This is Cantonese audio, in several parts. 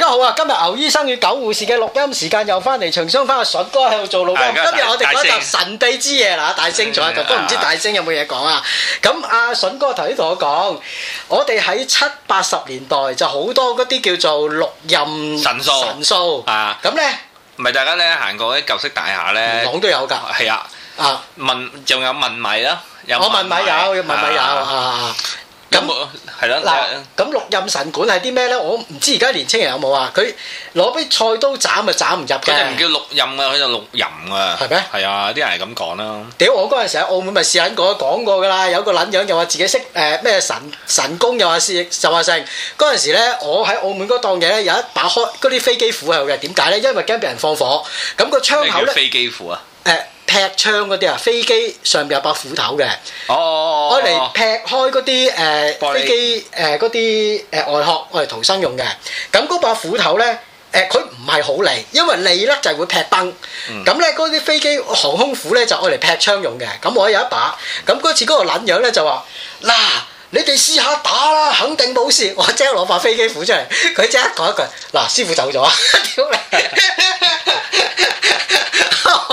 大家好啊！今日牛醫生與狗護士嘅錄音時間又翻嚟，重相翻阿筍哥喺度做老鳩。今日我哋講一集神祕之夜啦，大聲彩，都唔知大聲有冇嘢講啊！咁阿筍哥頭先同我講，我哋喺七八十年代就好多嗰啲叫做六壬神數，神數啊！咁咧，唔係大家咧行過啲舊式大廈咧，港都有噶，係啊啊！問仲有問米啦，有問米有，有問米有啊！咁係咯嗱，咁六壬神管係啲咩咧？我唔知而家年青人有冇啊！佢攞杯菜刀斬就斬唔入嘅。佢就唔叫六壬啊，佢就六壬啊。係咩？係啊，啲人係咁講啦。屌！我嗰陣時喺澳門咪試緊個講過噶啦，有個撚樣又話自己識誒咩、呃、神神功又，又話試就話成嗰陣時咧，我喺澳門嗰檔嘢咧有一把開嗰啲飛機斧喺度嘅。點解咧？因為驚俾人放火。咁、個窗口咧。咩叫飛機斧啊？誒劈、呃、窗嗰啲啊，飛機上邊有把斧頭嘅，我嚟劈開嗰啲誒飛機誒嗰啲誒外殼，我嚟逃生用嘅。咁嗰把斧頭咧，誒佢唔係好利，因為利咧就係會劈崩。咁咧嗰啲飛機航空斧咧就我嚟劈窗用嘅。咁我有一把，咁嗰次嗰個撚樣咧就話：嗱、呃，你哋試下打啦，肯定冇事。我即刻攞把飛機斧出嚟，佢即刻講一句：嗱，師傅走咗啊！哈哈哈哈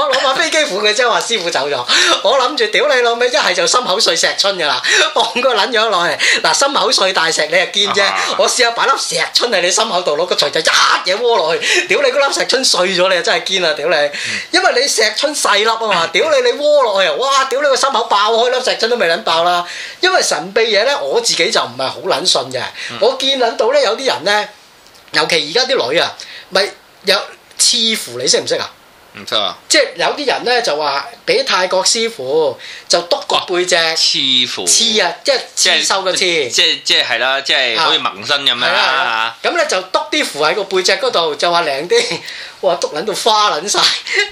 攞把飛機扶佢，嘅啫，話師傅走咗，我諗住屌你老味，一係就心口碎石春嘅啦，放個撚樣落去。嗱，心口碎大石你又堅啫，啊啊、我試下擺粒石春喺你心口度攞個錘仔一嘢窩落去，屌你嗰粒石春碎咗你真係堅啊！屌你，因為你石春細粒啊嘛，屌你你窩落去啊，哇！屌你個心口爆開粒石春都未撚爆啦。因為神秘嘢咧，我自己就唔係好撚信嘅。我見撚到咧有啲人咧，尤其而家啲女啊，咪有似乎你認認識唔識啊？唔錯，即係有啲人咧就話俾泰國師傅就篤個背脊，刺符，刺啊，即係刺繡嘅刺，即係即係係啦，即係好似紋身咁樣啦。咁咧就篤啲符喺個背脊嗰度，就話靚啲，哇，篤撚到花撚晒，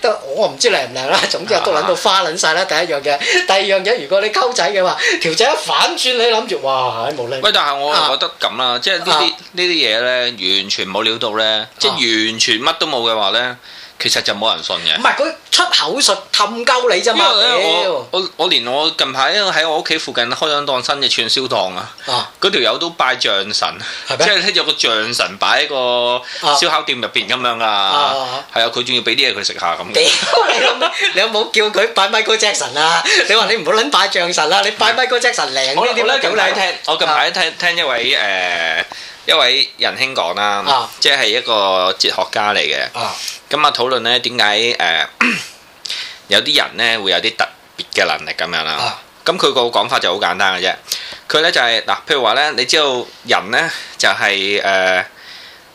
得我唔知靚唔靚啦。總之係，篤撚到花撚晒啦，第一樣嘢。第二樣嘢，如果你溝仔嘅話，條仔一反轉，你諗住哇，冇靚喂，但係我覺得咁啦，即係呢啲呢啲嘢咧，完全冇料到咧，即係完全乜都冇嘅話咧。其實就冇人信嘅。唔係，佢出口術氹鳩你啫嘛。我我我連我近排喺我屋企附近開咗檔新嘅串燒檔啊。嗰條友都拜象神，即係咧有個象神擺喺個燒烤店入邊咁樣啊。係啊，佢仲要俾啲嘢佢食下咁。你有冇叫佢拜 Michael Jackson 啊？你話你唔好撚拜象神啦，你拜 Michael Jackson 靈呢啲點嚟聽？我近排聽聽一位誒。一位仁兄講啦，即係一個哲學家嚟嘅，咁啊討論咧點解誒有啲人咧會有啲特別嘅能力咁樣啦。咁佢個講法就好簡單嘅啫。佢咧就係嗱，譬如話咧，你知道人咧就係誒，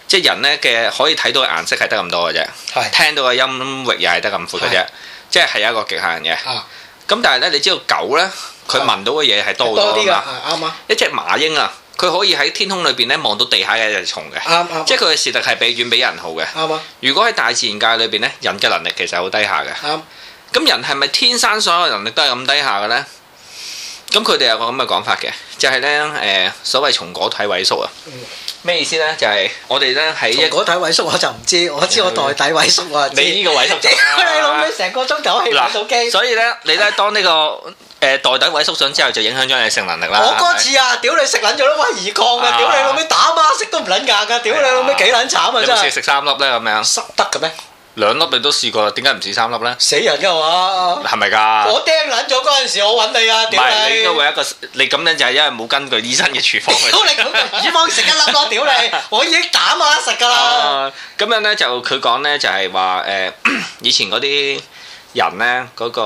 即係人咧嘅可以睇到嘅顏色係得咁多嘅啫，聽到嘅音域又係得咁闊嘅啫，即係係一個極限嘅。咁但係咧，你知道狗咧佢聞到嘅嘢係多咗啲㗎，啱啊！一隻馬鷹啊！佢可以喺天空裏邊咧望到地下嘅一隻蟲嘅，啱啱，即係佢嘅視力係比遠比人好嘅，啱 Right. 如果喺大自然界裏邊咧，人嘅能力其實好低下嘅，啱。咁人係咪天生所有能力都係咁低下嘅咧？咁佢哋有個咁嘅講法嘅，就係咧誒，所謂松果體萎縮啊。嗯咩意思咧？就係、是、我哋咧喺果底萎縮，我就唔知。我知我袋底萎縮啊，你呢個萎縮就你諗佢成個鐘頭攞手機。所以咧，你咧當呢個誒袋底萎縮上之後，就影響咗你嘅性能力啦。我嗰次啊，屌你食撚咗都唔係異抗嘅，屌你老味打孖式都唔撚硬嘅，屌你老味幾撚慘啊！真係，有冇試食三粒咧咁樣？濕得嘅咩？兩粒你都試過啦，點解唔試三粒咧？死人嘅話係咪㗎？是是我掟撚咗嗰陣時我，我揾你啊！點解？你應該會一個，你咁樣就係因為冇根據醫生嘅處方。屌你咁樣，主方食一粒咯！屌你，我已經膽啊，食㗎啦。咁樣咧就佢講咧就係話誒，以前嗰啲人咧嗰、那個誒、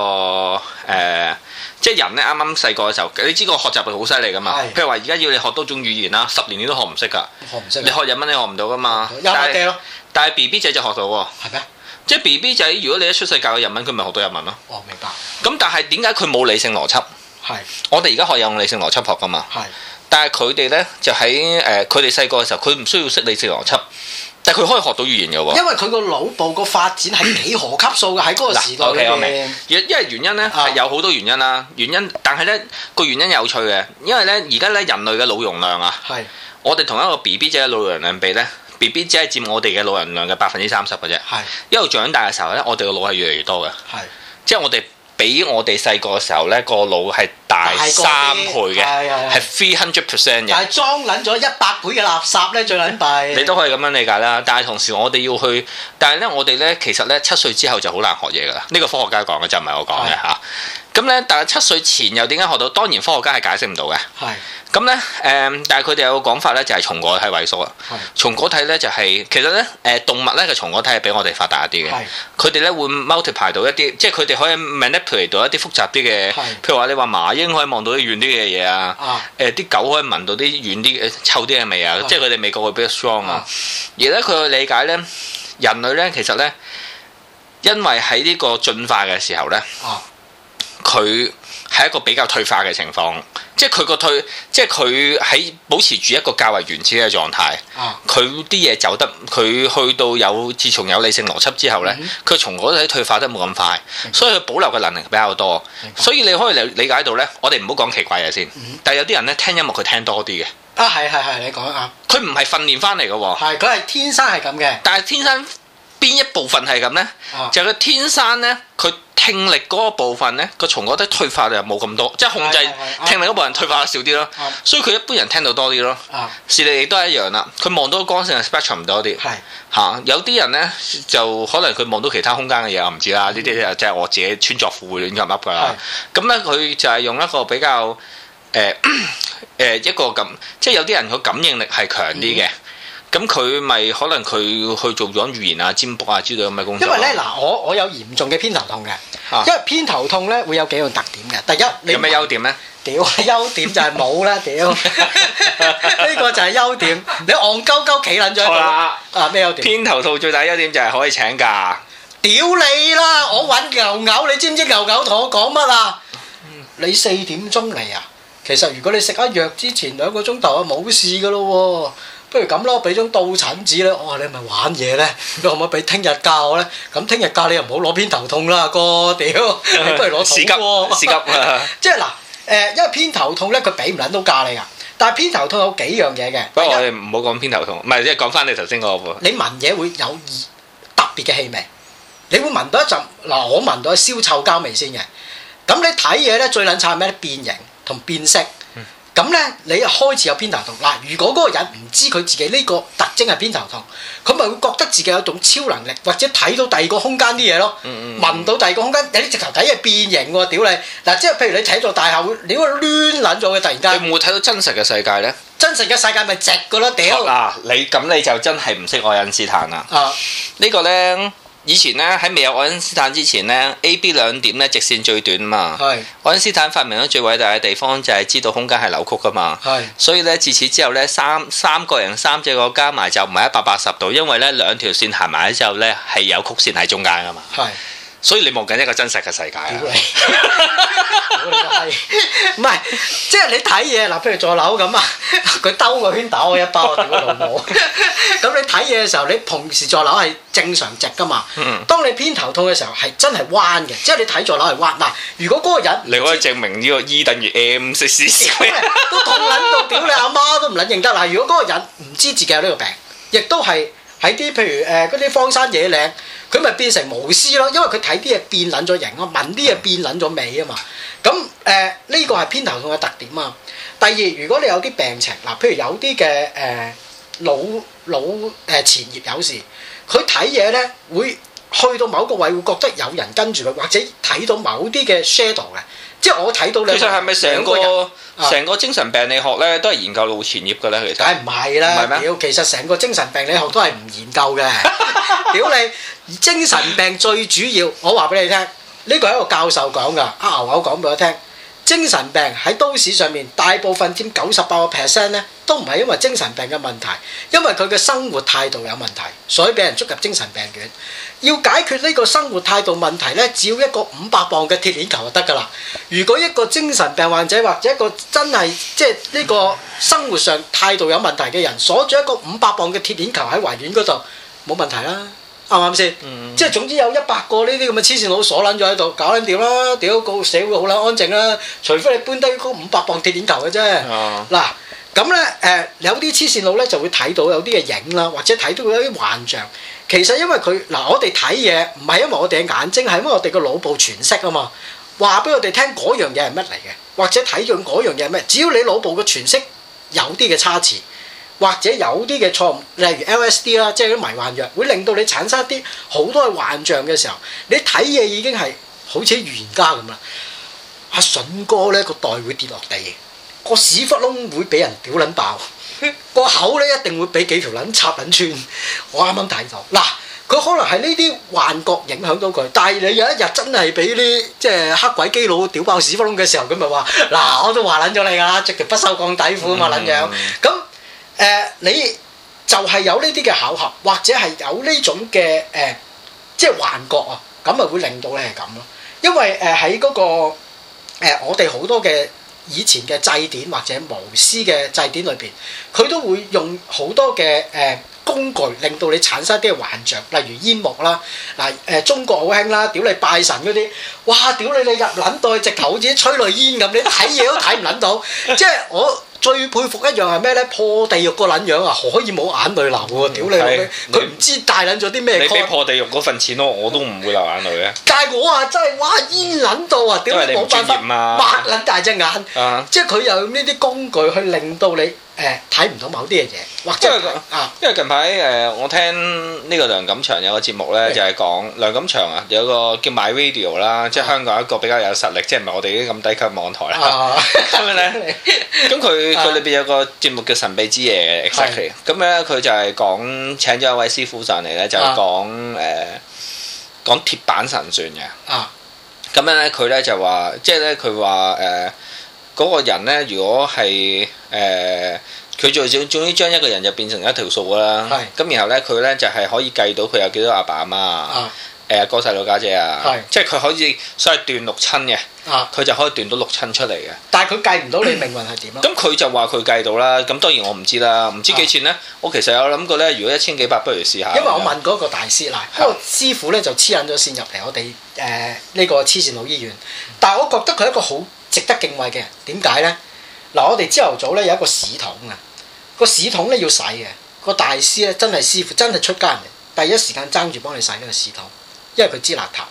呃，即係人咧啱啱細個嘅時候，你知個學習係好犀利㗎嘛？係。譬如話而家要你學多種語言啦，十年你都學唔識㗎。學唔識。你學日文你學唔到㗎嘛？但係咯。但係 B B 仔就學到喎。係咩？即係 B B 仔，如果你一出世教嘅日文，佢咪學到日文咯？哦，明白。咁但係點解佢冇理性邏輯？係是，我哋而家學有理性邏輯學噶嘛？係是。但係佢哋咧就喺誒，佢哋細個嘅時候，佢唔需要識理性邏輯，但係佢可以學到語言嘅喎。因為佢個腦部個發展係幾何級數嘅，喺嗰個時代。O K，我明。因因為原因咧，啊、有好多原因啦。原因，但係咧個原因有趣嘅，因為咧而家咧人類嘅腦容量啊，係是。我哋同一個 B B 仔嘅腦容量比咧。B B 只係佔我哋嘅腦容量嘅百分之三十嘅啫，係的，因為長大嘅時候咧，我哋嘅腦係越嚟越多嘅，係的，即係我哋比我哋細個嘅時候咧，個腦係大三倍嘅，係 three hundred percent 嘅。但係裝捻咗一百倍嘅垃圾咧，最撚弊。你都可以咁樣理解啦。但係同時我哋要去，但係咧我哋咧其實咧七歲之後就好難學嘢噶啦。呢個科學家講嘅就唔係我講嘅吓，咁咧是的、啊，但係七歲前又點解學到？當然科學家係解釋唔到嘅。係是的、嗯，咁咧誒但係佢哋有個講法咧，就係、是、松果體萎縮啦。松是的 果體咧就係、是、其實咧誒動物咧嘅松果體係比我哋發達啲嘅。係是的。佢哋咧會 multiply 到一啲，即係佢哋可以 manipulate 到一啲複雜啲嘅，譬如話你話馬。可以望到啲遠啲嘅嘢啊、呃，誒啲狗可以聞到啲遠啲臭啲嘅味啊，即係佢哋美國會比較 strong 啊 而呢，而咧佢去理解咧，人類咧其實咧，因為喺呢個進化嘅時候咧，佢。啊係一個比較退化嘅情況，即係佢個退，即係佢喺保持住一個較為原始嘅狀態。佢啲嘢走得，佢去到有自從有理性邏輯之後呢，佢、嗯、哼從嗰度退化得冇咁快，白所以佢保留嘅能力比較多。白所以你可以理解到呢，我哋唔好講奇怪嘢先。嗯、哼但係有啲人呢，聽音樂佢聽多啲嘅。啊，係係係，你講一下。佢唔係訓練翻嚟嘅。係，佢係天生係咁嘅。但係天生。邊一部分係咁咧？啊、就佢天生咧，佢聽力嗰部分咧，佢從嗰啲退化就冇咁多，即係控制聽力嗰部分退化少啲咯。啊啊啊、所以佢一般人聽到多啲咯。視力亦都係一樣啦。佢望到光線是啊，spectral 唔多啲。係嚇，有啲人咧就可能佢望到其他空間嘅嘢，我唔知啦。呢啲就係我自己穿著褲亂咁噏㗎啦。咁咧佢就係用一個比較誒誒、呃呃、一個感，即、就、係、是、有啲人個感應力係強啲嘅。嗯嗯。咁佢咪可能佢去做咗語言啊、占卜啊之類咁嘅工作？作？因為咧，嗱、呃，我我有嚴重嘅偏頭痛嘅，啊、因為偏頭痛咧會有幾個特點嘅。第一，你有咩優點咧？屌， 優點就係冇啦，屌！呢個就係優點。 你戇鳩鳩企撚咗。一啦！啊，咩優點？偏頭痛最大優點就係可以請假。屌 你啦！我揾牛牛，你知唔知牛牛同我講乜啊？ 你四點鐘嚟啊？其實如果你食咗藥之前兩個鐘頭啊，冇事噶咯喎。不如咁咯，俾張倒診紙咧，我話你係咪玩嘢咧？你可唔可以俾聽日教我咧？咁聽日教你又唔好攞偏頭痛啦，哥屌，啊、你不如攞屎急屎急。即係嗱，誒，因為偏頭痛咧，佢俾唔撚到教你噶。但係偏頭痛有幾樣嘢嘅。不過我哋唔好講偏頭痛，唔係即係講翻你頭先嗰個。你聞嘢會有特別嘅氣味，你會聞到一陣，嗱，我聞到燒臭膠味先嘅。咁你睇嘢咧最撚差係咩咧？變形同變色。咁咧，你開始有偏頭痛嗱。如果嗰個人唔知佢自己呢個特徵係偏頭痛，佢咪會覺得自己有種超能力，或者睇到第二個空間啲嘢咯。嗯嗯嗯，聞到第二個空間有啲直頭底係變形喎，屌你嗱！即、啊、係、就是、譬如你睇到大廈會，你會攣撚咗嘅，突然間。你會唔會睇到真實嘅世界咧？真實嘅世界咪直個咯，屌！嗱，你咁你，你就真係唔識愛因斯坦啊！個呢個咧。以前咧，喺未有愛因斯坦之前咧，A、B 兩點咧，直線最短啊嘛。是愛因斯坦發明咗最偉大嘅地方，就係知道空間係扭曲噶嘛。是所以咧，自此之後咧，三三個人三隻角加埋就唔係一百八十度，因為咧，兩條線行埋之後咧，係有曲線喺中間噶嘛。所以你望緊一個真實嘅世界啊！ 唔係，即係你睇嘢嗱，譬如座樓咁啊，佢兜個圈打我一包我屌老母！咁 你睇嘢嘅時候，你同時座樓係正常直噶嘛？嗯。當你偏頭痛嘅時候，係真係彎嘅，即係你睇座樓係彎。嗱，如果嗰個人，你可以證明呢個 E 等於 M 式 都痛撚到屌你阿媽都唔撚認得。嗱，如果嗰個人唔知自己有呢個病，亦都係。睇啲譬如誒嗰啲荒山野嶺，佢咪變成巫師咯，因為佢睇啲嘢變撚咗形啊，聞啲嘢變撚咗味啊嘛。咁誒呢個係偏頭痛嘅特點啊。第二，如果你有啲病情嗱、呃，譬如有啲嘅誒腦腦誒、呃、前葉有事，佢睇嘢咧會去到某個位會覺得有人跟住佢，或者睇到某啲嘅 shadow 嘅。即係我睇到你兩個咪成個精神病理學咧都係研究腦前葉嘅咧，其實。梗係唔係啦，屌！其實成個精神病理學都係唔研究嘅，屌你！精神病最主要，我話俾你聽，呢個係一個教授講噶，阿牛牛講俾我聽。精神病喺都市上面，大部分佔九十八個 percent 咧，都唔係因為精神病嘅問題，因為佢嘅生活態度有問題，所以俾人捉入精神病院。要解決呢個生活態度問題咧，只要一個五百磅嘅鐵鏈球就得㗎啦。如果一個精神病患者或者一個真係即係呢個生活上態度有問題嘅人，鎖住一個五百磅嘅鐵鏈球喺維園嗰度，冇問題啦。啱唔啱先？嗯、即係總之有一百個呢啲咁嘅黐線佬鎖撚咗喺度，搞撚掂啦，屌個社會好撚安靜啦，啊！除非你搬低嗰五百磅鐵鏈球嘅啫。嗱咁咧，誒、呃、有啲黐線佬咧就會睇到有啲嘅影啦，或者睇到有啲幻象。其實因為佢嗱，我哋睇嘢唔係因為我哋嘅眼睛，係因為我哋嘅腦部詮釋啊嘛。話俾我哋聽嗰樣嘢係乜嚟嘅，或者睇咗嗰樣嘢係咩？只要你腦部嘅詮釋有啲嘅差池。或者有啲嘅錯誤，例如 LSD 啦，即係啲迷幻藥，會令到你產生一啲好多幻象嘅時候，你睇嘢已經係好似預言家咁啦。阿、啊、筍哥咧個袋會跌落地，個屎窟窿會俾人屌撚爆，個口咧一定會俾幾條撚插撚穿。我啱啱睇到嗱，佢可能係呢啲幻覺影響到佢。但係你有一日真係俾啲即係黑鬼基佬屌爆屎窟窿嘅時候，佢咪話嗱，我都話撚咗你㗎啦，直條不銹鋼底褲啊嘛撚 樣咁。誒、呃，你就係有呢啲嘅巧合，或者係有呢種嘅誒、呃，即係幻覺啊，咁咪會令到你係咁咯。因為誒喺嗰個、呃、我哋好多嘅以前嘅祭典或者巫師嘅祭典裏邊，佢都會用好多嘅誒、呃、工具，令到你產生一啲幻象，例如煙幕啦。嗱、呃、誒，中國好興啦，屌你拜神嗰啲，哇，屌你你入撚到去直頭好似催淚煙咁，你睇嘢都睇唔撚到。 即係我。最佩服一樣係咩咧？破地獄個撚樣啊，可以冇眼淚流喎！屌你，佢唔知帶撚咗啲咩？你俾破地獄嗰份錢我，我都唔會流眼淚啊！但係我啊，真係哇煙撚到啊！屌你冇辦法，擘撚大隻眼，即係佢用呢啲工具去令到你誒睇唔到某啲嘢嘢。因為近排誒，我聽呢個梁錦祥有個節目咧，就係講梁錦祥啊，有個叫 My Radio 啦，即係香港一個比較有實力，即係唔係我哋啲咁低級網台啦。咁樣咧，咁佢。佢裏邊有個節目叫《神秘之夜》，exactly 咁是樣咧，佢就係講請咗一位師傅上嚟咧，就係講誒講鐵板神算嘅。啊，咁樣咧，佢咧就話，即係咧，佢話誒嗰個人咧，如果係誒，佢就終終於將一個人就變成一條數啦。係咁是，然後咧，佢咧就係、是、可以計到佢有幾多阿爸阿媽誒，哥細佬家姐啊，是即係佢可以，所謂斷六親嘅，佢、啊、就可以斷到六親出嚟嘅。但係佢計唔到你命運係點咯。咁佢 就話佢計到啦。咁當然我唔知啦，唔知幾錢咧。啊、我其實有諗過咧，如果一千幾百，不如試下。因為我問過一個大師啦，啊、個師傅咧就黐引咗線入嚟我哋誒呢個黐線佬醫院。但係我覺得佢係一個好值得敬畏嘅人，點解咧？嗱，我哋朝頭早咧有一個屎桶啊，個屎桶咧要洗嘅，個大師咧真係師傅，真係出家人，第一時間爭住幫你洗呢個屎桶。因為佢知邋遢，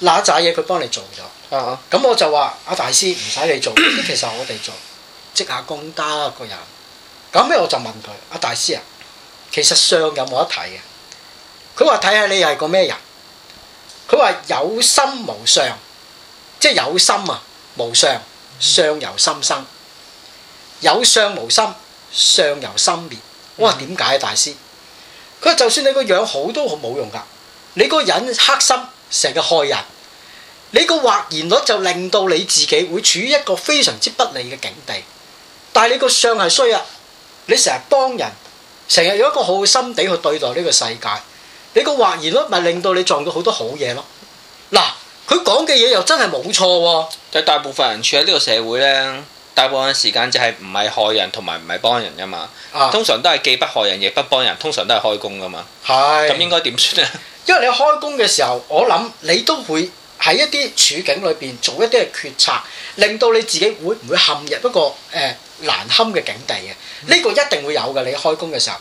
那扎嘢佢幫你做咗，咁、uh huh. 我就話：阿大師唔使你做，其實我哋做即下公家一個人。咁後我就問佢：阿大師啊，其實相有冇得睇嘅？佢話睇下你係個咩人。佢話有心無相，即係有心啊，無相，相由心生，有相無心，相由心滅。我話點解啊，uh huh. 大師？佢話就算你個樣好都好冇用㗎。你個人黑心，成日害人。你個話言率就令到你自己會處於一個非常之不利嘅境地。但係你個相係衰啊！你成日幫人，成日有一個好心地去對待呢個世界。你個話言率咪令到你撞到好多好嘢咯。嗱，佢講嘅嘢又真係冇錯喎、啊。但大部分人處喺呢個社會咧，大部分時間就係唔係害人同埋唔係幫人噶嘛。啊、通常都係既不害人亦不幫人，通常都係開工噶嘛。係，咁應該點算啊？因為你開工嘅時候，我諗你都會喺一啲處境裏邊做一啲嘅決策，令到你自己會唔會陷入一個誒難堪嘅境地嘅？呢個一定會有嘅。你開工嘅時候，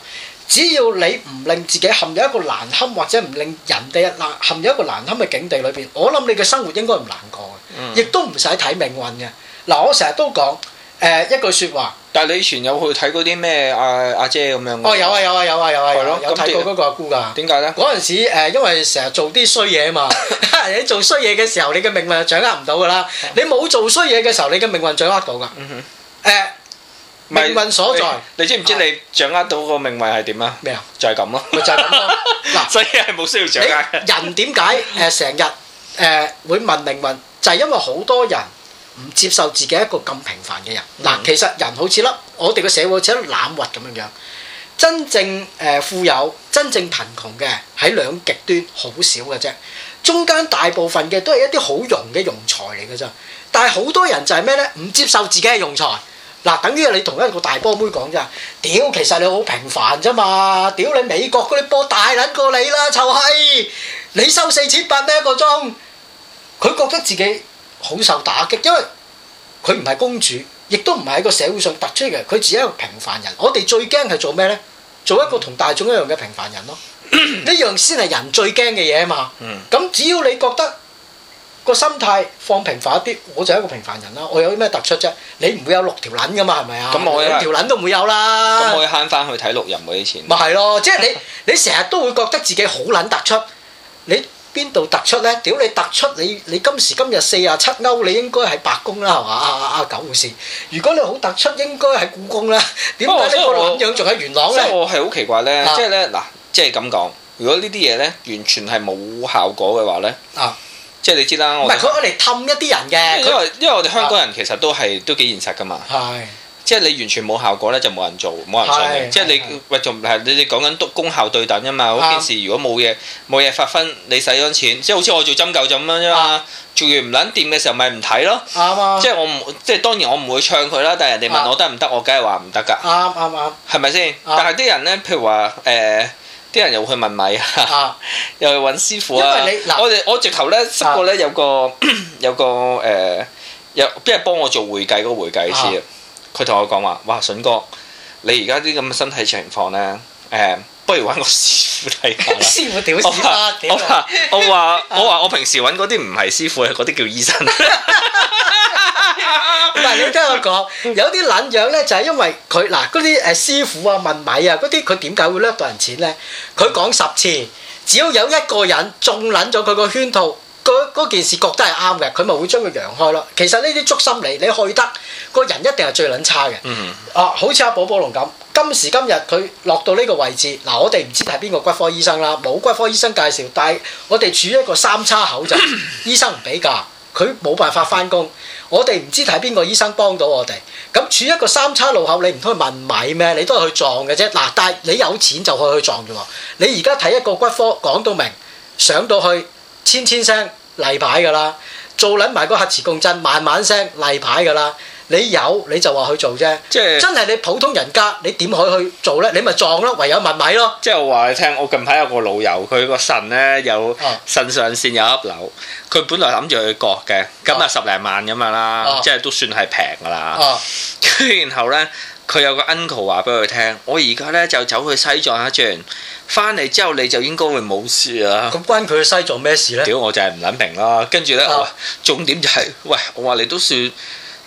只要你唔令自己陷入一個難堪，或者唔令人哋難陷入一個難堪嘅境地裏邊，我諗你嘅生活應該唔難過嘅，亦都唔使睇命運嘅。嗱，我成日都講。誒一句説話，但係你以前有去睇嗰啲咩阿阿姐咁樣？哦，有啊有啊有啊有啊，有睇過嗰個阿姑噶。點解咧？嗰陣時誒，因為成日做啲衰嘢啊嘛！你做衰嘢嘅時候，你嘅命運掌握唔到噶啦。你冇做衰嘢嘅時候，你嘅命運掌握到噶。誒，命運所在。你知唔知你掌握到個命運係點啊？咩啊？就係咁咯。咪就係咁咯。嗱，所以係冇需要掌握。人點解誒成日誒會問命運？就係因為好多人。唔接受自己一個咁平凡嘅人嗱，其實人好似粒，嗯、我哋嘅社會似粒欖核咁樣樣。真正誒富有、真正貧窮嘅喺兩極端，好少嘅啫。中間大部分嘅都係一啲好庸嘅庸才嚟嘅啫。但係好多人就係咩呢？唔接受自己嘅庸才。嗱，等於你同一個大波妹講啫。屌，其實你好平凡咋嘛？屌，你美國嗰啲波大撚過你啦，就係、是、你收四千八蚊一個鐘，佢覺得自己，好受打擊，因為佢唔係公主，亦都唔係喺個社會上突出嘅，佢只係一個平凡人。我哋最驚係做咩呢？做一個同大眾一樣嘅平凡人咯，呢、嗯、樣先係人最驚嘅嘢啊嘛。咁、嗯、只要你覺得個心態放平凡一啲，我就係一個平凡人啦。我有啲咩突出啫？你唔會有六條撚噶嘛？係咪啊？六條撚都唔會有啦。咁我可以慳翻去睇六人嗰啲錢。咪係咯，即係 你你成日都會覺得自己好撚突出，你。邊度突出咧？屌你突出，你你今時今日四啊七歐，你應該喺白宮啦係嘛啊啊啊！搞事！如果你好突出，應該喺故宮啦。點解我樣仲喺元朗咧？我係好奇怪咧，即係咧嗱，即係咁講。如果呢啲嘢咧完全係冇效果嘅話咧，即係你知啦。唔係佢攞嚟氹一啲人嘅。因為因為我哋香港人其實都係都幾現實㗎嘛。係。即係你完全冇效果咧，就冇人做，冇人做。是即係你喂，仲唔係你哋講緊功效對等啊嘛？嗰件事如果冇嘢冇嘢發分，你使咗錢，即係好似我做針灸咁樣啫嘛。是的 做完唔撚掂嘅時候，咪唔睇咯。啱的啊，即！即係我唔，即係當然我唔會唱佢啦，但係人哋問我得唔得，我梗係話唔得㗎。啱，啱，啱，係咪先？但係啲人咧，譬如話誒，啲、呃、人又去問米啊， 又去揾師傅啊。因為、呃、我我直頭咧識過咧，有個 有個誒有邊係幫我做會計嗰個會計先。佢同我講話，哇，筍哥，你而家啲咁嘅身體情況呢、呃？不如揾個師傅睇下師傅屌屎啦，我話，我話，我平時揾嗰啲唔係師傅，係嗰啲叫醫生。但 係 你聽我講，有啲撚樣呢，就係因為佢嗱嗰啲誒師傅啊、問米啊嗰啲，佢點解會掠到人錢呢？佢講十次，只要有一個人中撚咗佢個圈套。嗰件事覺得係啱嘅，佢咪會將佢揚開咯。其實呢啲觸心理，你去得個人一定係最撚差嘅。Mm hmm. 啊，好似阿寶寶龍咁，今時今日佢落到呢個位置，嗱、啊，我哋唔知睇邊個骨科醫生啦，冇骨科醫生介紹，但係我哋處於一個三叉口就，醫生唔俾㗎，佢冇辦法翻工。我哋唔知睇邊個醫生幫到我哋，咁、啊、處於一個三叉路口，你唔通去問米咩？你都係去撞嘅啫。嗱、啊，但係你有錢就可以去撞啫。你而家睇一個骨科講到明，上到去。千千聲例牌噶啦，做捻埋個核磁共振，慢慢聲例牌噶啦。你有你就話去做啫，即是真係你普通人家你點可以去做咧？你咪撞咯，唯有問米咯。即係我話你聽，我近排有個老友，佢個腎咧有腎、啊、上腺有一瘤，佢本來諗住去割嘅，咁啊十零萬咁樣啦，即係都算係平噶啦。啊啊、 然後咧。佢有個 uncle 話俾佢聽，我而家咧就走去西藏一轉，翻嚟之後你就應該會冇事啦。咁關佢去西藏咩事咧？屌，我就係唔諗明啦。跟住咧，喂、哦，我話重點就係、是，喂，我話你都算。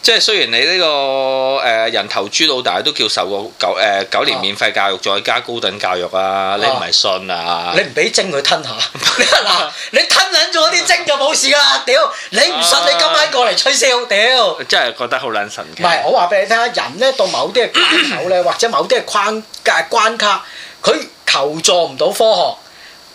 即係雖然你呢、這個誒、呃、人頭豬老大都叫受過九誒、呃、九年免費教育，再加高等教育啊，你唔係信啊？你唔俾精佢吞下？嗱， 你吞撚咗啲精就冇事啦！屌、啊，你唔信？你今晚過嚟吹簫屌！啊、吵真係覺得好撚神奇。唔係，我話俾你聽啊，人咧到某啲關口咧，或者某啲框架關卡，佢求助唔到科學。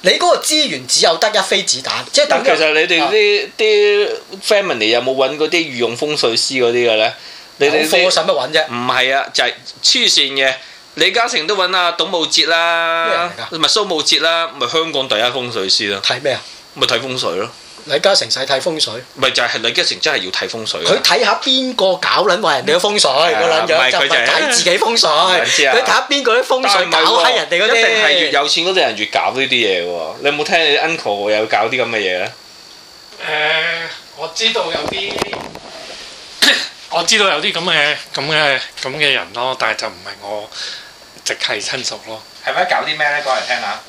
你嗰個資源只有得一飛子彈，即係等其實你哋啲啲 family 有冇揾嗰啲御用風水師嗰啲嘅呢？你哋啲我使乜揾啫？唔係啊，就係黐線嘅。李嘉誠都揾啊，董慕哲啦，唔係蘇慕哲啦，咪、就係、香港第一風水師咯。睇咩啊？咪睇風水咯。李嘉誠細睇風水，咪就係李嘉誠真係要睇風水。佢睇下邊個搞撚埋人哋嘅風水，個撚樣就唔係睇自己風水。佢睇下邊個啲風水搞喺人哋嗰啲。一定係越有錢嗰啲人越搞呢啲嘢喎。你有冇聽你 uncle 有搞啲咁嘅嘢咧？誒，我知道有啲，我知道有啲咁嘅咁嘅咁嘅人咯，但係就唔係我直係親屬咯。係咪搞啲咩咧？講嚟聽下。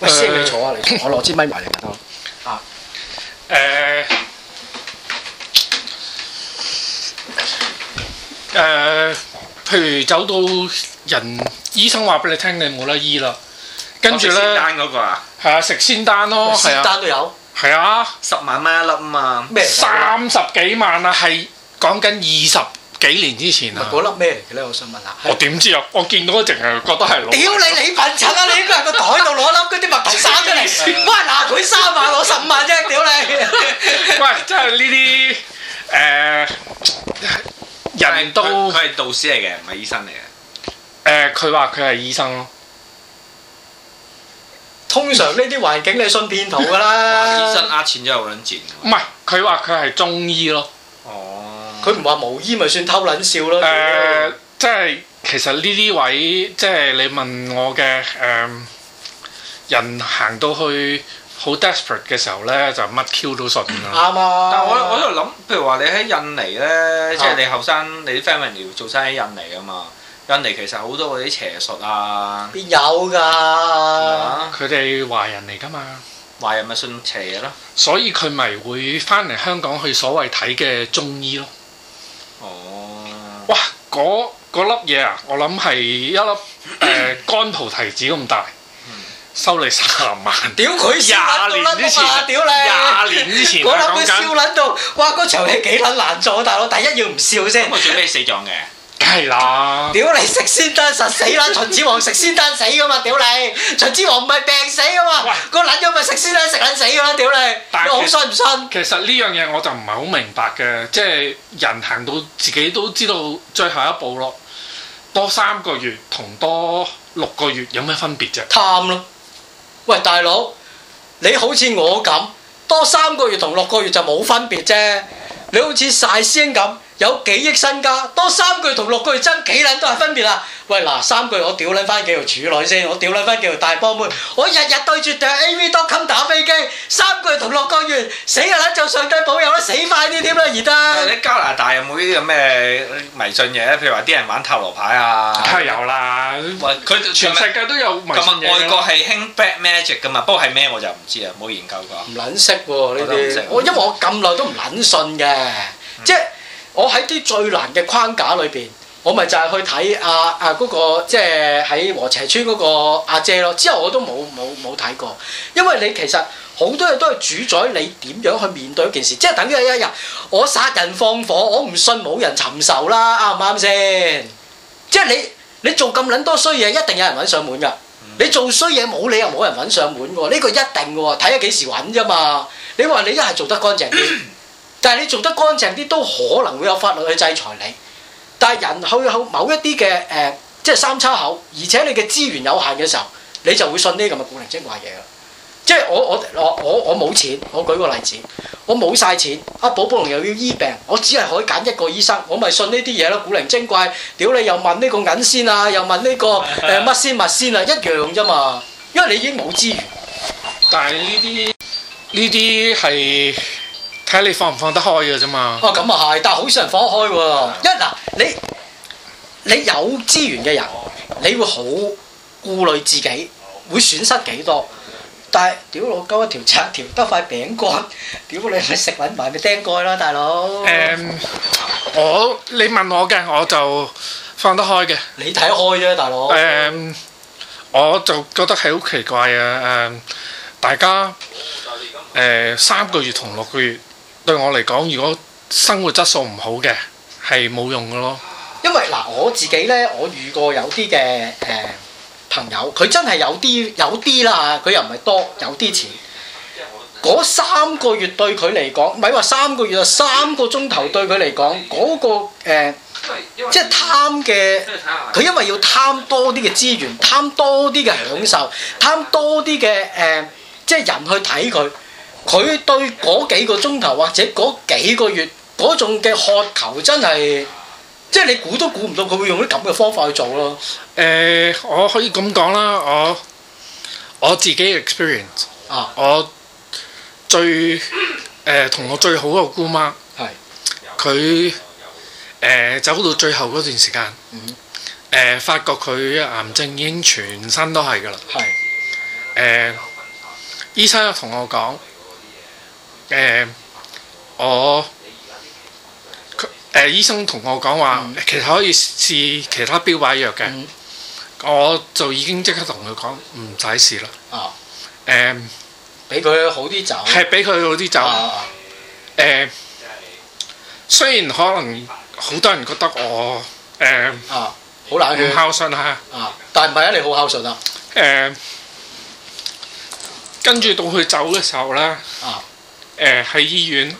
喂，先你坐啊，你坐，我攞支咪埋嚟得。誒誒、呃呃，譬如走到人醫生話俾你聽，你冇得醫啦，跟住咧係啊食仙丹咯，仙丹都有，係啊，十萬蚊一粒啊嘛，咩，三十幾萬啊，係講緊二十。幾年之前啊！嗰粒咩嚟嘅咧？我想問下。 我點知啊？我見到淨係，覺得係。 屌你！你笨親啊！你應該喺個袋度攞粒嗰啲麥當砂出嚟，關哪佢三萬攞十五萬啫！屌你！喂，即係呢啲誒人都佢係導師嚟嘅，唔係醫生嚟嘅。誒、呃，佢話佢係醫生咯。通常呢啲環境你信騙徒噶啦。醫生呃錢真係好撚賤。唔係，佢話佢係中醫咯。佢唔話無醫咪算偷撚笑咯。誒、呃，即係其實呢啲位，即係你問我嘅誒、呃，人行到去好 desperate 嘅時候咧，就乜 kill 都信啦。啱啊！但係我我喺度諗，譬如話你喺印尼咧，啊、即係你後生，你啲 family 做親喺印尼㗎嘛？印尼其實好多嗰啲邪術啊！必有㗎？佢哋嗎華人嚟㗎嘛？華人咪信邪咯，所以佢咪會翻嚟香港去所謂睇嘅中醫咯。哇！嗰粒嘢啊，我諗係一粒誒、呃、乾葡提子咁大，收你卅萬。屌佢廿年之前，屌你廿年之前，我諗佢笑撚到。哇！嗰場戲幾撚難做，大佬第一要唔笑先。我咪笑死狀嘅。係啦！屌你食仙丹，實死啦！秦始皇食仙丹死噶嘛？屌你！秦始皇唔係病死噶嘛？喂個捻樣咪食仙丹食捻死噶？屌你！但 你信唔信？其實呢樣嘢我就唔係好明白嘅，即係人行到自己都知道最後一步咯。多三個月同多六個月有咩分別啫？貪咯！喂，大佬，你好似我咁，多三個月同六個月就冇分別啫。你好似晒仙咁。有幾億身家，多三個月同六個月爭幾撚都係分別啦。喂嗱，三個月我屌你翻幾條處女先，我屌你翻幾條大波妹，我日日對住台 AV 多襟打飛機，三個月同六個月死撚做上帝保佑都死快啲添啦而家。你加拿大有冇啲咁嘅迷信嘢咧？譬如話啲人玩塔羅牌啊？梗係有啦。佢全世界都有迷信嘢。咁啊，外國係興 black magic 噶嘛？不過係咩我就唔知啦，冇研究過。唔撚識喎呢啲，我因為我咁耐都唔撚信嘅，即係。我喺啲最難嘅框架裏邊，我咪就係去睇阿阿嗰個即係喺禾輋邨嗰個阿姐咯。之後我都冇冇冇睇過，因為你其實好多嘢都係主宰你點樣去面對一件事，即係等於一日我殺人放火，我唔信冇人尋仇啦，啱唔啱先？即係你你做咁撚多衰嘢，一定有人揾上門㗎。你做衰嘢冇理由冇人揾上門㗎喎，呢個一定㗎喎，睇下幾時揾啫嘛。你話你一係做得乾淨啲。 但係你做得乾淨啲，都可能會有法律去制裁你。但係人去某一啲嘅誒，即係三叉口，而且你嘅資源有限嘅時候，你就會信呢咁嘅古靈精怪嘢啦。即係我我我我冇錢，我舉個例子，我冇晒錢。阿、啊、寶寶龍又要醫病，我只係可以揀一個醫生，我咪信呢啲嘢咯，古靈精怪。屌你又問呢個銀仙啊，又問呢、呢個誒乜仙物仙啊，一樣啫嘛。因為你已經冇資源。但係呢啲呢啲係。睇你放唔放得開嘅啫嘛。哦、啊，咁啊係，但係好少人放得開喎。一嗱、啊，你你有資源嘅人，你會好顧慮自己，會損失幾多？但係屌老鳩一條拆一條，得塊餅乾，屌你咪食揾埋咪釘蓋啦，大佬。誒、嗯，我你問我嘅，我就放得開嘅。你睇開啫，大佬。誒、嗯，我就覺得係好奇怪啊！誒、嗯，大家誒、嗯、三個月同六個月。對我嚟講，如果生活質素唔好嘅，係冇用㗎咯。因為嗱，我自己咧，我遇過有啲嘅誒朋友，佢真係有啲有啲啦，佢又唔係多有啲錢。嗰三個月對佢嚟講，唔係話三個月啊，三個鐘頭對佢嚟講，嗰個、誒、即係貪嘅，佢因為要貪多啲嘅資源，貪多啲嘅享受，貪多啲嘅誒，即係人去睇佢。佢對嗰幾個鐘頭或者嗰幾個月嗰種嘅渴求真係，即係你估都估唔到佢會用啲咁嘅方法去做咯。誒、呃，我可以咁講啦，我我自己 experience，、啊、我最誒同、呃、我最好個姑媽，係佢誒走到最後嗰段時間，誒、嗯呃、發覺佢癌症已經全身都係㗎啦。係誒是、呃，醫生又同我講。誒、呃，我佢誒、呃、醫生同我講話，嗯、其實可以試其他標靶藥嘅，嗯、我就已經即刻同佢講唔使試啦。啊，誒、呃，俾佢好啲走，係俾佢好啲走。誒、嗯，雖然可能好多人覺得我誒，呃、啊，好冷血，唔孝順啊，啊，但唔係啊，你好孝順啊。誒、啊，跟住到佢走嘅時候咧，啊。誒喺、呃、醫院，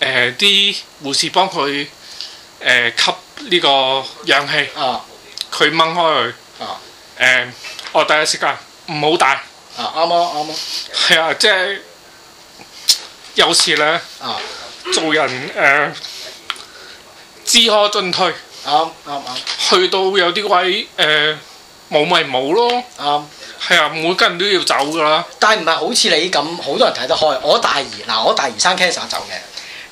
誒啲是、呃、護士幫佢誒、呃、吸呢個氧氣，佢掹、啊、開佢，誒我、啊呃、第一時間唔好帶，啱啊啱啊，係啊，啊，啊，啊即係有時咧，啊、做人誒知、呃、可進退，啱啱啱，啊啊、去到有啲位誒冇咪冇咯，啱、啊。啊係啊，每個人都要走噶啦。但係唔係好似你咁，好多人睇得開。我大姨，嗱，我大姨生 cancer 走嘅。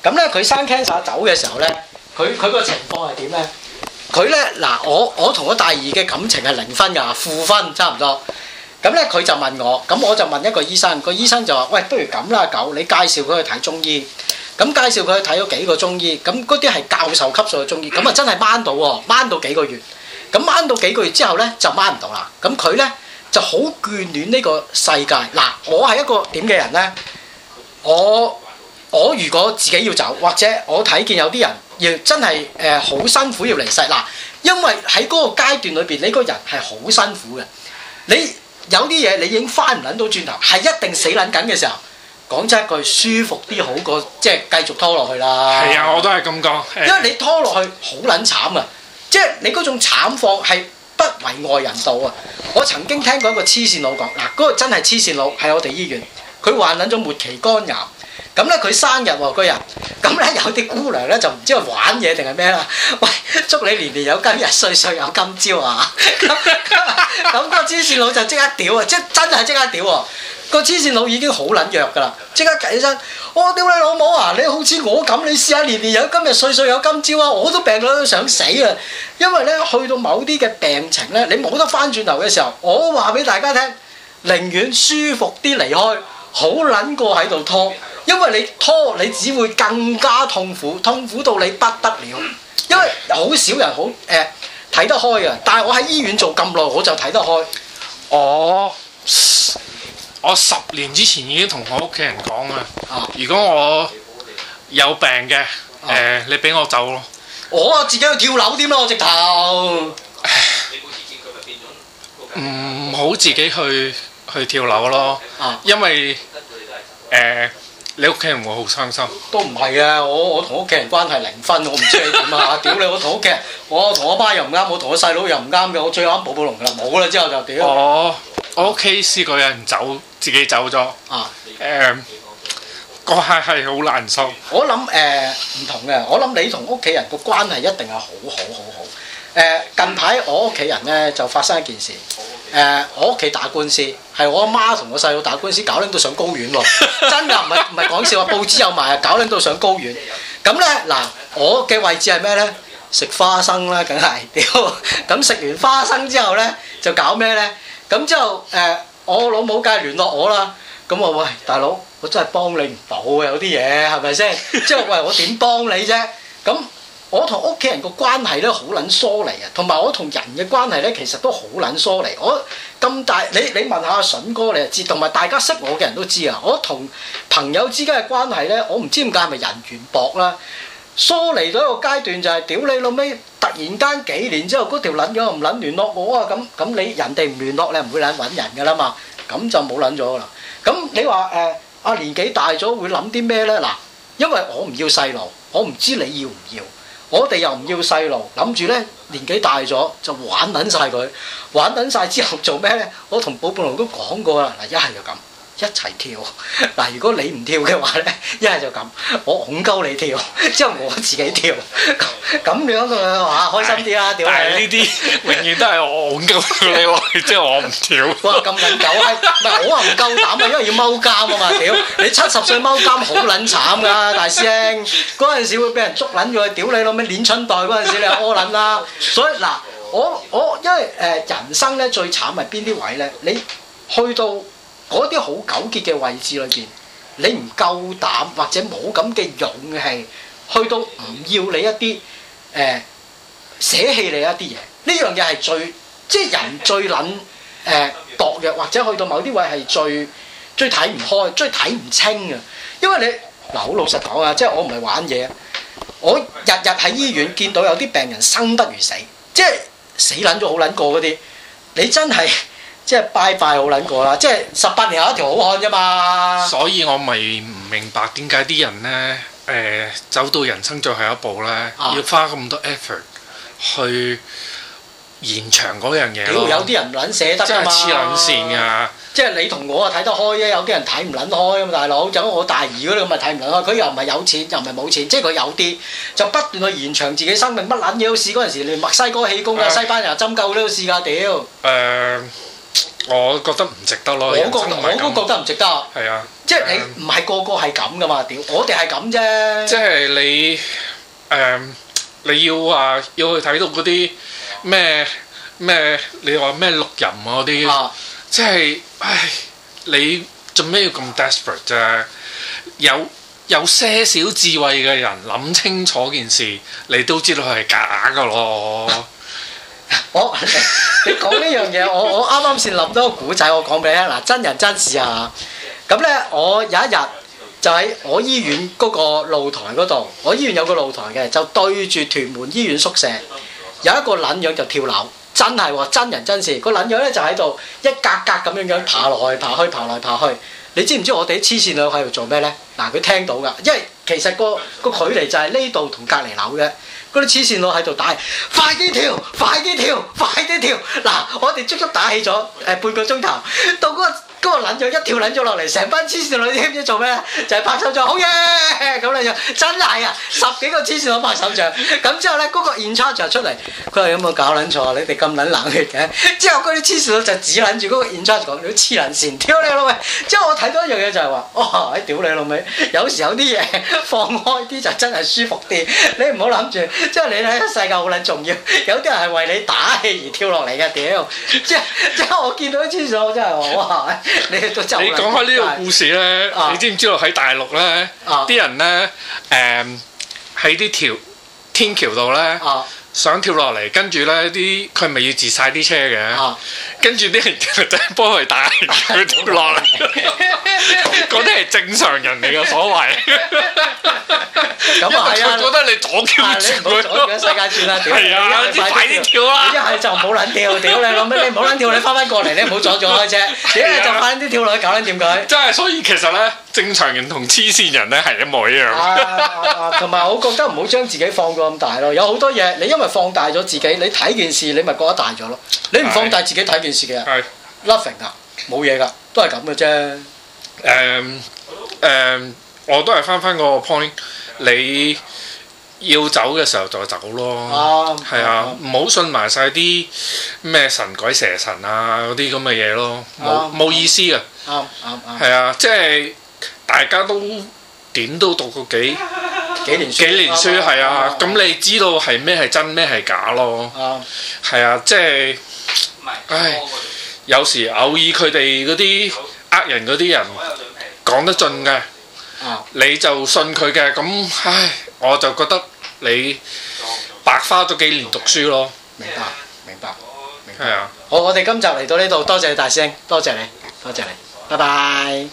咁咧，佢生 cancer 走嘅時候咧，佢佢個情況係點咧？佢咧嗱，我我同我大姨嘅感情係零分㗎，負分差唔多。咁咧，佢就問我，咁我就問一個醫生，個醫生就話：喂，不如咁啦，狗，你介紹佢去睇中醫。咁介紹佢去睇咗幾個中醫，咁嗰啲係教授級數嘅中醫，咁啊真係掹到喎，掹到幾個月。咁掹到幾個月之後咧，就掹唔到啦。咁佢咧。就好眷戀呢個世界嗱，我係一個點嘅人呢？我我如果自己要走，或者我睇見有啲人要真係誒好辛苦要離世嗱，因為喺嗰個階段裏邊，你個人係好辛苦嘅。你有啲嘢你已經返唔撚到轉頭，係一定死撚緊嘅時候，講真一句舒服啲好過即係繼續拖落去啦。係啊，我都係咁講。嗯、因為你拖落去好撚慘啊。即係你嗰種慘況係。不為外人道啊！我曾經聽過一個黐線佬講，嗱，嗰個真係黐線佬，喺我哋醫院，佢患撚咗末期肝癌。咁咧佢生日喎、哦，嗰日咁咧有啲姑娘咧就唔知玩嘢定係咩啦？喂，祝你年年有今日，歲歲有今朝啊！咁、 個黐線佬就即刻屌啊！即真係即刻屌喎！個黐線佬已經好撚弱噶啦，即刻趷起身，我、哦、屌你老母啊！你好似我咁，你試下年年有今日，歲歲有今朝啊！我都病到都想死啊！因為咧去到某啲嘅病情咧，你冇得翻轉頭嘅時候，我話俾大家聽，寧願舒服啲離開，好撚過喺度拖。因為你拖，你只會更加痛苦，痛苦到你不得了。因為好少人好誒睇得開嘅，但係我喺醫院做咁耐，我就睇得開。我我十年之前已經同我屋企人講啦，啊、如果我有病嘅誒，呃啊、你俾我走咯。我、哦、自己去跳樓點咯，我直頭。唔唉好自己去去跳樓咯，啊、因為誒。呃你屋企人會好傷心？都唔係啊！我我同屋企人關係零分，我唔知你點啊！屌你，我同屋企人，我同我爸又唔啱，我同我細佬又唔啱嘅，我最啱寶寶龍啦，冇啦之後就屌。哦、呃，我屋企試過有人走，自己走咗啊！誒、呃，個係係好難受。我諗誒唔同嘅，我諗你同屋企人個關係一定係好好好好。誒、呃，近排我屋企人咧就發生一件事。誒，我屋企打官司係我阿媽同我細佬打官司，搞到上高院喎，真㗎唔係唔係講笑啊！報紙有埋啊，搞到上高院。咁咧嗱，我嘅位置係咩咧？食花生啦，梗係，屌！咁食完花生之後咧，就搞咩咧？咁之後誒，我老母梗係聯絡我啦。咁啊喂，大佬，我真係幫你唔到呀，有啲嘢係咪先？即係喂，我點幫你啫？咁。我同屋企人個關係咧好撚疏離啊，同埋我同人嘅關係咧其實都好撚疏離。我咁大，你，你問下阿筍哥你知，同埋大家識我嘅人都知啊。我同朋友之間嘅關係咧，我唔知點解係咪人緣薄啦，疏離咗一個階段就係屌你老尾，突然間幾年之後嗰條撚嘢唔撚聯絡我啊，咁，咁你人哋唔聯絡你唔會撚揾人噶啦嘛，咁就冇撚咗噶啦。咁你話誒，阿年紀大咗會諗啲咩咧？嗱，因為我唔要細路，我唔知你要唔要。我哋又唔要細路，諗住咧年紀大咗就玩撚曬佢，玩撚曬之後做咩呢？我同寶貝龍都講過啦，嗱一係就咁。一齊跳嗱！如果你唔跳嘅話咧，一係就咁，我恐鳩你跳，之後我自己跳，咁樣嘅話唉開心啲啦。屌你，呢啲 永遠都係我恐鳩你， 即我即係我唔跳。哇！咁緊狗係咪我話唔夠膽啊？因為要踎監啊嘛！屌你七十歲踎監好撚慘噶，大師兄嗰陣時會俾人捉撚咗去屌你老咩撚春袋。嗰陣時你係屙撚啦。所以嗱，我我因為誒人生咧最慘係邊啲位咧？你去到，嗰啲好糾結嘅位置裏邊，你唔夠膽或者冇咁嘅勇氣，去到唔要你一啲誒、呃、捨棄你一啲嘢。呢樣嘢係最即係人最撚誒、呃、薄弱，或者去到某啲位係最最睇唔開、最睇唔清啊！因為你嗱好老實講啊，即係我唔係玩嘢，我日日喺醫院見到有啲病人生不如死，即係死撚咗好撚過嗰啲，你真係～即係拜拜好撚過啦！即係十八年有一條好漢啫嘛。所以我咪唔明白點解啲人呢，誒、呃、走到人生最後一步呢，要花咁多 effort 去延長嗰樣嘢。屌有啲人唔撚捨得真係，黐撚線㗎。即係你同我啊睇得開啫，有啲人睇唔撚開啊嘛，大佬。咁我大二嗰度咁咪睇唔撚開。佢又唔係有錢，又唔係冇錢，即係佢有啲就不斷去延長自己生命，乜撚嘢都試。嗰陣時連墨西哥氣功啊、呃、西班牙針灸都試㗎屌。呃啊我覺得唔值得咯，我都覺得唔值得。係啊，嗯、即係你唔係個個係咁噶嘛？屌，我哋係咁啫。即係你誒，你要話、啊、要去睇到嗰啲咩咩？你話咩綠人啊嗰啲？即係唉，你做咩要咁 desperate 啫、啊？有有些少智慧嘅人，諗清楚件事，你都知道佢係假嘅咯。 我、哦、你講呢樣嘢，我我啱啱先諗到個古仔，我講俾你聽。嗱，真人真事啊！咁呢，我有一日就喺我醫院嗰個露台嗰度，我醫院有個露台嘅，就對住屯門醫院宿舍，有一個撚樣就跳樓，真係喎、啊，真人真事。個撚樣呢，就喺度一格格咁樣樣爬落去，去，爬去，爬來，爬去。你知唔知我哋啲黐線佬喺度做咩呢？嗱，佢聽到噶，因為其實、嗰個個距離就係呢度同隔離樓嘅。嗰啲黐線佬喺度打，快啲跳，快啲跳，快啲跳！嗱，我哋足足打起咗、呃、半個鐘頭，到嗰、嗰個。一跳捻咗落嚟，成班黐線佬知唔知做咩咧？就係拍手掌，好嘢！咁樣樣真係啊，十幾個黐線佬拍手掌。咁之後咧，嗰個演出就出嚟，佢話有冇搞捻錯？你哋咁捻冷血嘅。之後嗰啲黐線佬就只捻住嗰個演出講，你黐捻線跳你老味。之後我睇到一樣嘢就係話，哦，屌你老味，有時有啲嘢放開啲就真係舒服啲。你唔好諗住。即係你喺世界好捻重要，有啲人係為你打氣而跳落嚟嘅。屌！即即我見到啲黐線佬真係哇～你講開呢個故事呢，啊、你知唔知道喺大陸呢啲、啊、人呢？喺啲條天橋度呢。啊想跳落嚟，跟住咧啲佢咪要截晒啲車嘅，跟住啲人就幫佢打，佢跳落嚟，嗰啲係正常人嚟嘅所謂。咁啊，覺得你左跳轉佢，世界轉啦，係啊，快啲跳啦！一係就冇撚跳，屌你，諗咩你冇撚跳，你翻翻過嚟，你唔好阻左左開車，一係就快啲跳落去搞撚掂佢。真係，所以其實咧。正常人同黐線人咧係一模一樣、 啊。同、啊、埋我覺得唔好將自己放過咁大咯。有好多嘢，你因為放大咗自己，你睇件事你咪覺得大咗咯。你唔放大自己睇件事嘅。係是。loving 噶，冇嘢噶，都係咁嘅啫。誒誒，我都係翻翻個 point，你要走嘅時候就走咯。啱。係啊，唔好、um，信埋晒啲咩神鬼蛇神啊嗰啲咁嘅嘢咯，冇冇、um, um，意思 um, um，、uh，啊。啱啱啱。係啊，即係。大家都點都讀過幾幾年書，幾年書，係啊，咁你知道係咩係真咩係假咯？係啊，即係，唉，有時偶爾佢哋嗰啲呃人嗰啲人講得盡嘅，你就信佢嘅，咁唉，我就覺得你白花咗幾年讀書咯。明白，明白，係啊。好，我哋今集嚟到呢度，多謝大聲，多謝你，多謝你，拜拜。